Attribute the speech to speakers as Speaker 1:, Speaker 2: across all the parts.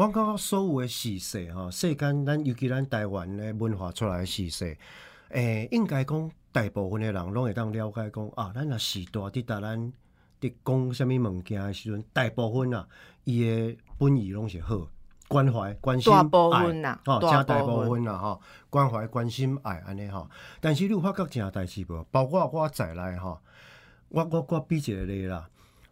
Speaker 1: 我感覺所有嘅事實吼，世間，咱尤其咱台灣的文化出來嘅事實，誒、欸，應該講大部分嘅人攏會當了解講啊，咱若時代佇當咱佇講啥物物件嘅時陣，大部分啊，伊嘅本意攏是好關懷、關心、愛，哦，加大部分啦，吼、哦啊，關懷、關心、愛，安尼吼，但是你有發覺正代誌無？包括我在內吼，我我我比一個例啦。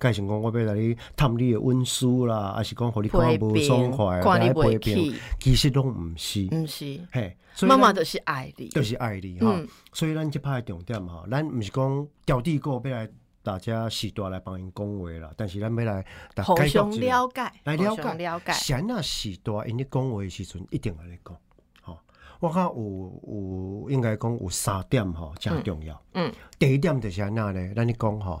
Speaker 1: 介想講我要來你探的溫書啦，還是講互你看無爽快看睇下改變，其實攏毋是，毋是，係，媽媽都是愛你，都、嗯就是愛你哈。所以的，咱即 p a 重點哈，咱毋是講調治過要來大家時代來幫因講話啦，但是要來，咱俾嚟大家了解，了解，了解。什啊時代因咧講話的時陣，一定係嚟講。我睇有有，有應該講有三點吼，正重要嗯。嗯，第一點就安那咧，咱哋講吼。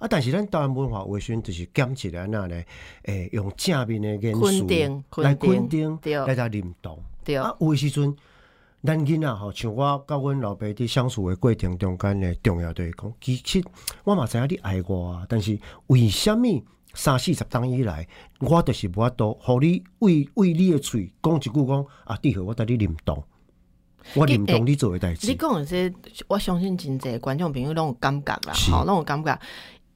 Speaker 1: 啊！但是咱台灣文化為先，就是減起來安尼誒，用正面嘅眼光來肯定來在認同。對，來來對啊，有為時陣，咱囝仔，吼，像我甲阮老爸佇相處嘅過程中間嘞，重要對講，其實我嘛知影你愛我啊，但是為蝦米三四十冬以來，我就是無法度互你為為你嘅嘴講一句講，啊，最好我帶你認同，我認同你，你做嘅代誌。你
Speaker 2: 講這，我相信真濟觀眾朋友攏有感覺啦，吼攏有感覺。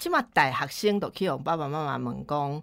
Speaker 2: 即係話大學生都去同爸爸媽媽問講。